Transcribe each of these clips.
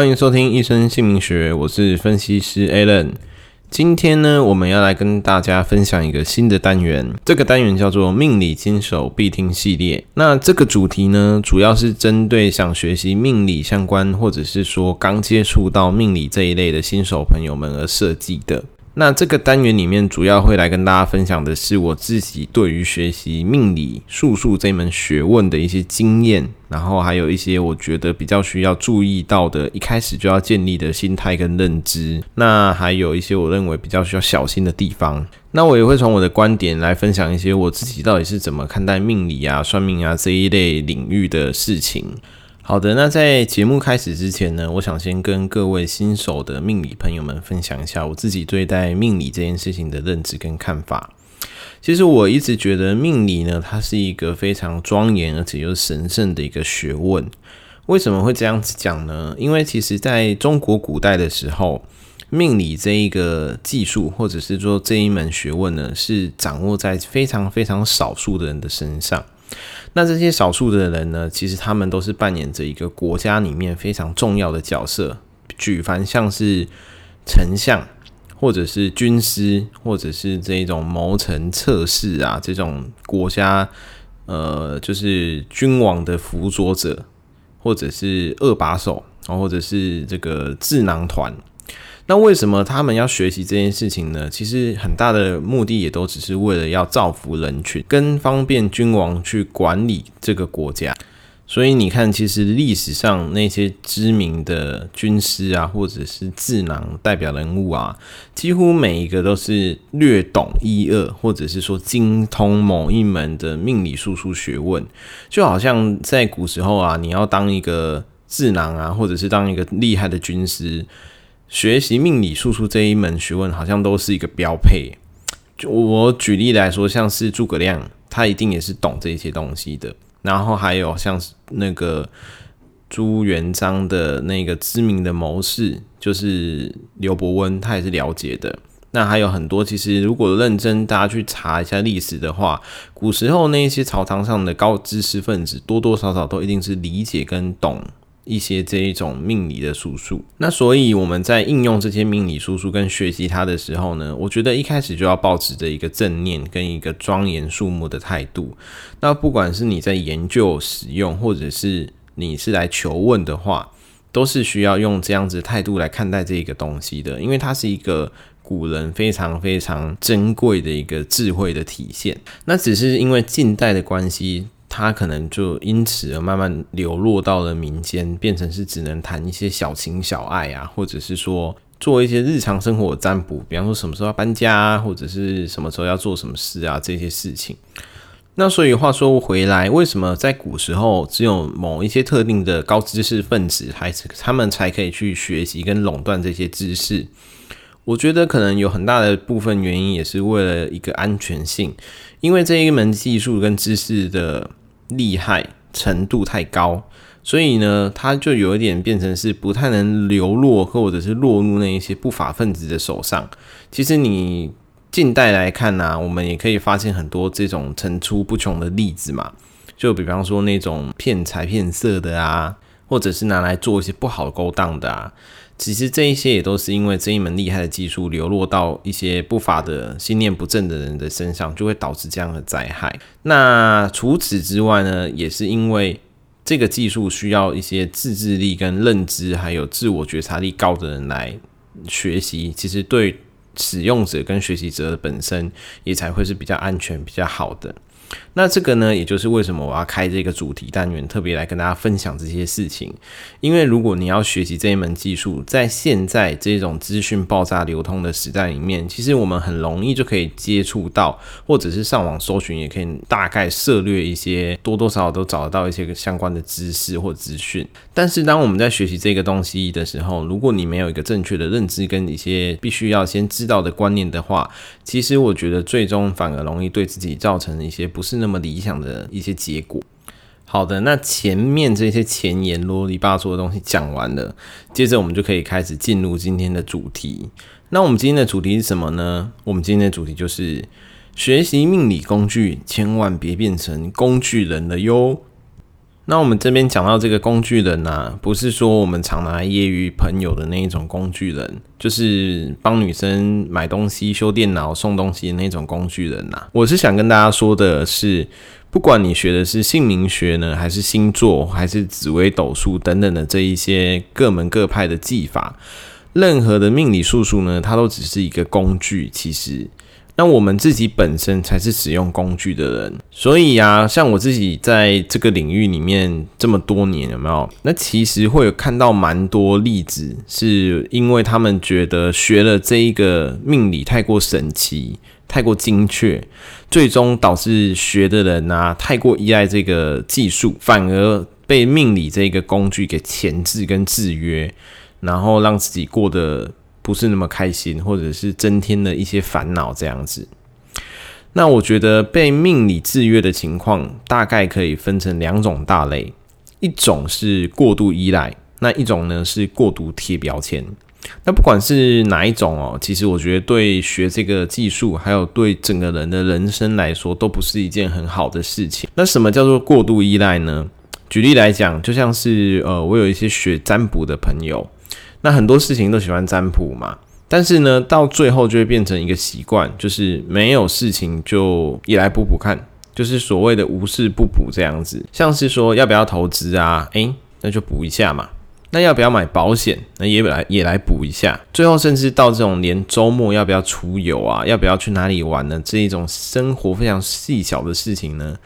歡迎收聽《一生姓名學》，我是分析師 Alen。今天呢，我們要來跟大家分享一個新的單元，這個單元叫做“命理新手必聽”系列。那這個主題呢，主要是針對想學習命理相關，或者是說剛接觸到命理這一類的新手朋友們而設計的。那這個單元裡面，主要會來跟大家分享的是我自己對於學習命理術數這門學問的一些經驗，然後還有一些我覺得比較需要注意到的，一開始就要建立的心態跟認知。那還有一些我認為比較需要小心的地方。那我也會從我的觀點來分享一些我自己到底是怎麼看待命理啊、算命啊這一類領域的事情。好的，那在節目開始之前呢，我想先跟各位新手的命理朋友們分享一下我自己對待命理這件事情的認知跟看法。其實我一直覺得命理呢，它是一個非常莊嚴而且又神聖的一個學問。為什麼會這樣子講呢？因為其實在中國古代的時候，命理這一個技術或者是說這一門學問呢，是掌握在非常非常少數的人的身上。那這些少數的人呢，其實他們都是扮演着一個國家裡面非常重要的角色，舉凡像是丞相，或者是軍師，或者是這種謀臣策士啊，這種國家呃，就是君王的輔佐者，或者是二把手，或者是這個智囊團。那為什麼他們要學習這件事情呢？其實很大的目的也都只是為了要造福人群，更方便君王去管理這個國家。所以你看，其實歷史上那些知名的軍師啊，或者是智囊代表人物啊，幾乎每一個都是略懂一二，或者是說精通某一門的命理術數學問。就好像在古時候啊，你要當一個智囊啊，或者是當一個厲害的軍師。學習命理術數這一門學問，好像都是一個標配。就我舉例來說，像是諸葛亮，他一定也是懂這些東西的。然後還有像是那個朱元璋的那個知名的謀士，就是劉伯溫，他也是了解的。那還有很多，其實如果認真大家去查一下歷史的話，古時候那一些朝堂上的高知識分子，多多少少都一定是理解跟懂一些這一種命理的術數，那所以我們在應用這些命理術數跟學習它的時候呢，我覺得一開始就要抱持着一個正念跟一個莊嚴肅穆的態度。那不管是你在研究、使用，或者是你是來求問的話，都是需要用這樣子態度來看待這一個東西的，因為它是一個古人非常非常珍貴的一個智慧的體現。那只是因為近代的關係。他可能就因此而慢慢流落到了民間，變成是只能談一些小情小愛啊，或者是說做一些日常生活的占卜，比方說什麼時候要搬家啊，或者是什麼時候要做什麼事啊，這些事情。那所以話說回來，為什麼在古時候只有某一些特定的高知識分子還他們才可以去學習跟壟斷這些知識？我覺得可能有很大的部分原因也是為了一個安全性，因為這一門技術跟知識的。厲害程度太高，所以呢，它就有一點變成是不太能流落，或者是落入那一些不法分子的手上。其實你近代來看呢、啊，我們也可以發現很多這種層出不窮的例子嘛。就比方說那種騙財騙色的啊，或者是拿來做一些不好的勾當的啊。其實這一些也都是因為這一門厲害的技術流落到一些不法的心念不正的人的身上，就會導致這樣的災害。那除此之外呢，也是因為這個技術需要一些自制力跟認知，還有自我覺察力高的人來學習。其實對使用者跟學習者的本身，也才會是比較安全、比較好的。那這個呢，也就是為什麼我要開這個主題單元，特別來跟大家分享這些事情。因為如果你要學習這一門技術，在現在這種資訊爆炸流通的時代裡面，其實我們很容易就可以接觸到，或者是上網搜尋，也可以大概涉獵一些，多多少少都找得到一些相關的知識或資訊。但是當我們在學習這個東西的時候，如果你沒有一個正確的認知跟一些必須要先知道的觀念的話，其實我覺得最終反而容易對自己造成一些不是那麼理想的一些結果。好的，那前面這些前言囉里吧嗦的東西講完了，接着我們就可以開始進入今天的主題。那我們今天的主題是什麼呢？我們今天的主題就是學習命理工具，千萬別變成工具人了喲。那我們這邊講到這個工具人啊，不是說我們常拿業餘朋友的那一種工具人，就是幫女生買東西、修電腦、送東西的那種工具人吶、啊。我是想跟大家說的是，不管你學的是姓名學呢，還是星座，還是紫微斗數等等的這一些各門各派的技法，任何的命理術數呢，它都只是一個工具，其實。那我們自己本身才是使用工具的人，所以啊，像我自己在這個領域裡面這麼多年，有沒有？那其實會有看到蠻多例子，是因為他們覺得學了這一個命理太過神奇、太過精確，最終導致學的人啊太過依賴這個技術，反而被命理這一個工具給鉗制跟制約，然後讓自己過得。不是那麼開心，或者是增添了一些煩惱這樣子。那我覺得被命理制約的情況，大概可以分成兩種大類，一種是過度依賴，那一種呢是過度貼標籤。那不管是哪一種哦，其實我覺得對學這個技術，還有對整個人的人生來說，都不是一件很好的事情。那什麼叫做過度依賴呢？舉例來講，就像是呃，我有一些學占卜的朋友。那很多事情都喜歡占卜嘛，但是呢，到最後就會變成一個習慣，就是沒有事情就也來卜卜看，就是所謂的無事不卜，這樣子。像是說要不要投資啊，誒、欸，那就卜一下嘛。那要不要買保險？那也來也來卜一下。最後甚至到這種連週末要不要出遊啊，要不要去哪裡玩呢？這一種生活非常細小的事情呢，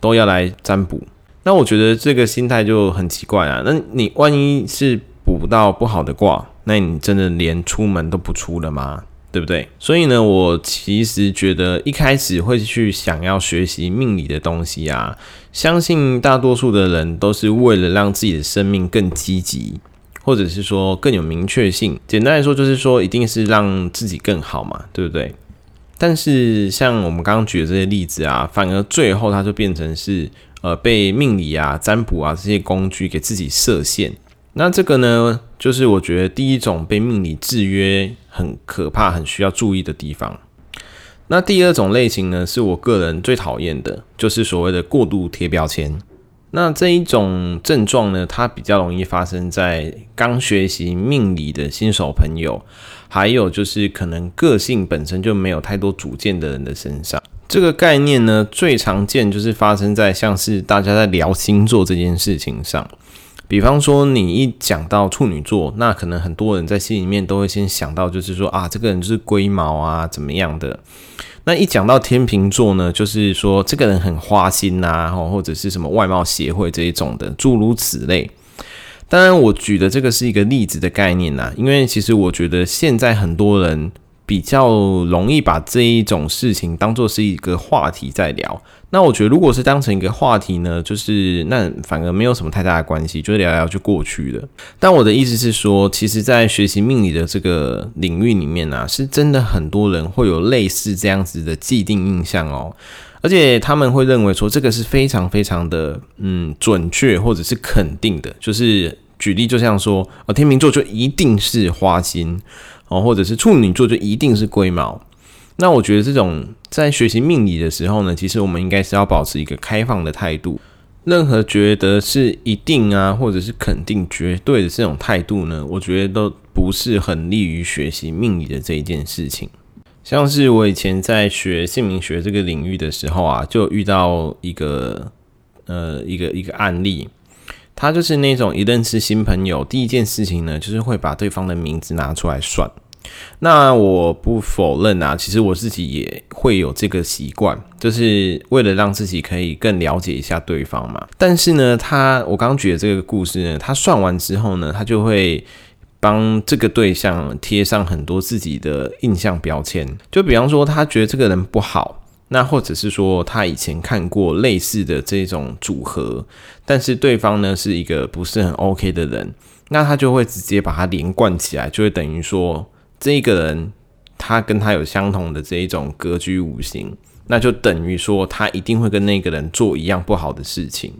都要來占卜。那我覺得這個心態就很奇怪啊。那你萬一是？不到不好的卦，那你真的連出門都不出了嗎？對不對？所以呢，我其實覺得一開始會去想要學習命理的東西啊，相信大多數的人都是為了讓自己的生命更積極，或者是說更有明確性。簡單來說，就是說一定是讓自己更好嘛，對不對？但是像我們剛剛舉的這些例子啊，反而最後它就變成是呃，被命理啊、占卜啊這些工具給自己設限。那這個呢，就是我覺得第一種被命理制約很可怕、很需要注意的地方。那第二種類型呢，是我個人最討厭的，就是所謂的過度貼標籤。那這一種症狀呢，它比較容易發生在剛學習命理的新手朋友，還有就是可能個性本身就沒有太多主見的人的身上。這個概念呢，最常見就是發生在像是大家在聊星座這件事情上。比方說，你一講到處女座，那可能很多人在心裡面都會先想到，就是說啊，這個人就是龜毛啊，怎麼樣的？那一講到天秤座呢，就是說這個人很花心吶、啊，或者是什麼外貌協會這一種的，諸如此類。當然，我舉的這個是一個例子的概念吶、啊，因為其實我覺得現在很多人。比較容易把這一種事情當做是一個話題在聊。那我覺得，如果是當成一個話題呢，就是那反而沒有什麼太大的關係，就聊聊就過去了。但我的意思是說，其實，在學習命理的這個領域裡面呢，啊，是真的很多人會有類似這樣子的既定印象哦，而且他們會認為說這個是非常非常的嗯準確或者是肯定的。就是舉例，就像說，天秤座就一定是花心。哦，或者是處女座就一定是龜毛。那我覺得這種在學習命理的時候呢，其實我們應該是要保持一個開放的態度。任何覺得是一定啊，或者是肯定、絕對的這種態度呢，我覺得都不是很利於學習命理的這一件事情。像是我以前在學姓名學這個領域的時候啊，就遇到一個呃，一個一個案例。他就是那種一認識新朋友，第一件事情呢，就是會把對方的名字拿出來算。那我不否認啊，其實我自己也會有這個習慣，就是為了讓自己可以更了解一下對方嘛。但是呢，他，我剛剛舉的這個故事呢，他算完之後呢，他就會幫這個對象貼上很多自己的印象標籤，就比方說他覺得這個人不好。那或者是說他以前看過類似的這種組合，但是對方呢，是一個不是很 OK 的人，那他就會直接把他連貫起來，就會等於說這個人他跟他有相同的這一種格局五行，那就等於說他一定會跟那個人做一樣不好的事情。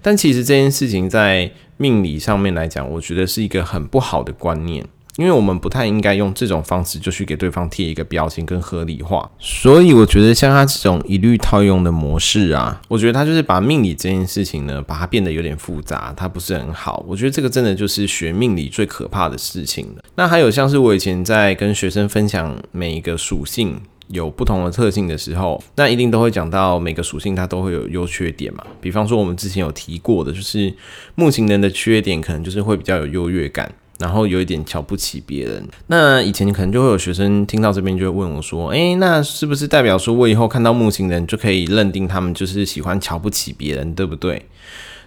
但其實這件事情在命理上面來講，我覺得是一個很不好的觀念。因為我們不太應該用這種方式就去給對方貼一個標籤跟合理化，所以我覺得像他這種一律套用的模式啊，我覺得他就是把命理這件事情呢，把它變得有點複雜，它不是很好。我覺得這個真的就是學命理最可怕的事情了。那還有像是我以前在跟學生分享每一個屬性有不同的特性的時候，那一定都會講到每個屬性它都會有優缺點嘛。比方說我們之前有提過的，就是木星人的缺點可能就是會比較有優越感。然後有一點瞧不起別人，那以前可能就會有學生聽到這邊就會問我說，誒，那是不是代表說我以後看到木星人就可以認定他們就是喜歡瞧不起別人，對不對？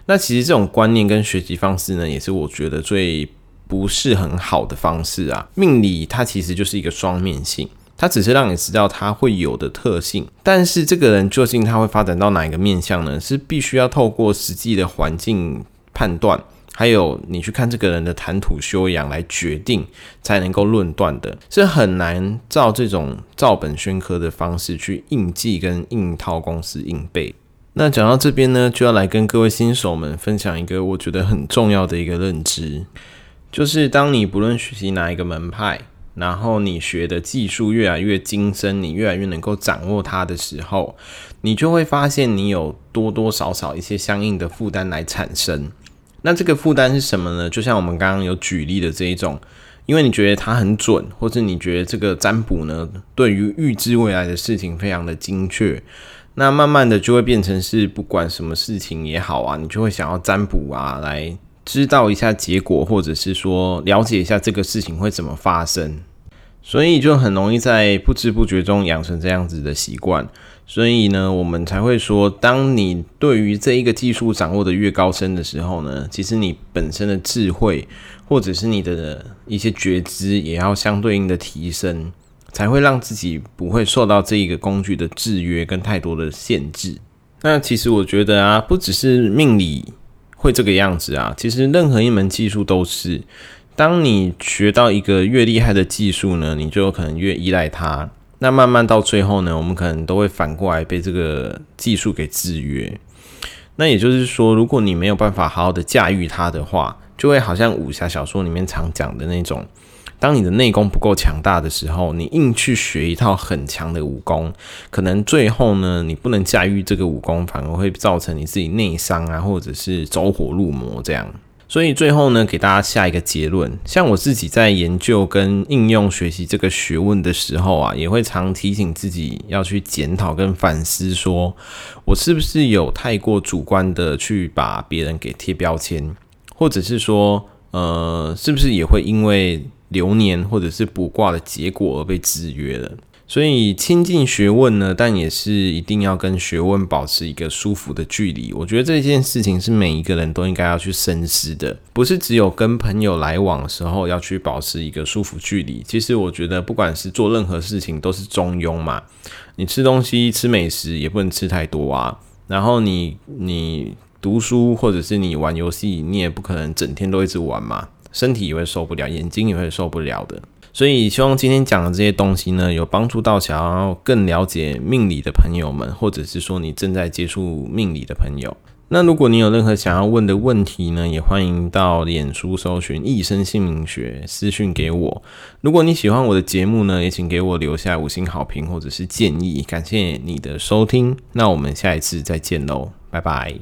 那其實這種觀念跟學習方式呢，也是我覺得最不是很好的方式啊。命理它其實就是一個雙面性，它只是讓你知道它會有的特性，但是這個人究竟他會發展到哪一個面向呢？是必須要透過實際的環境判斷。還有，你去看這個人的談吐修養來決定，才能夠論斷的，是很難照這種照本宣科的方式去硬記跟硬套公司硬背。那講到這邊呢，就要來跟各位新手們分享一個我覺得很重要的一個認知，就是當你不論學習哪一個門派，然後你學的技術越來越精深，你越來越能夠掌握它的時候，你就會發現你有多多少少一些相應的負擔來產生。那這個負擔是什麼呢？就像我們剛剛有舉例的這一種，因為你覺得它很準，或是你覺得這個占卜呢，對於預知未來的事情非常的精確，那慢慢的就會變成是不管什麼事情也好啊，你就會想要占卜啊，來知道一下結果，或者是說了解一下這個事情會怎麼發生。所以就很容易在不知不覺中養成這樣子的習慣，所以呢，我們才會說，當你對於這一個技術掌握得越高深的時候呢，其實你本身的智慧或者是你的一些覺知也要相對應的提升，才會讓自己不會受到這一個工具的制約跟太多的限制。那其實我覺得啊，不只是命理會這個樣子啊，其實任何一門技術都是。當你學到一個越厲害的技術呢，你就有可能越依賴它。那慢慢到最後呢，我們可能都會反過來被這個技術給制約。那也就是說，如果你沒有辦法好好的駕馭它的話，就會好像武俠小說裡面常講的那種，當你的內功不夠強大的時候，你硬去學一套很強的武功，可能最後呢，你不能駕馭這個武功，反而會造成你自己內傷啊，或者是走火入魔這樣。所以最後呢，給大家下一個結論。像我自己在研究跟應用學習這個學問的時候啊，也會常提醒自己要去檢討跟反思，說我是不是有太過主觀的去把別人給貼標籤，或者是說，呃，是不是也會因為流年或者是卜卦的結果而被制約了？所以親近學問呢，但也是一定要跟學問保持一個舒服的距離。我覺得這件事情是每一個人都應該要去深思的，不是只有跟朋友來往的時候要去保持一個舒服距離。其實我覺得，不管是做任何事情，都是中庸嘛。你吃東西吃美食也不能吃太多啊。然後你你讀書或者是你玩遊戲，你也不可能整天都一直玩嘛，身體也會受不了，眼睛也會受不了的。所以，希望今天講的這些東西呢，有幫助到想要更了解命理的朋友們，或者是說你正在接觸命理的朋友。那如果你有任何想要問的問題呢，也歡迎到臉書搜尋“一生姓名學”私訊給我。如果你喜歡我的節目呢，也請給我留下五星好評或者是建議。感謝你的收聽，那我們下一次再見嘍，拜拜。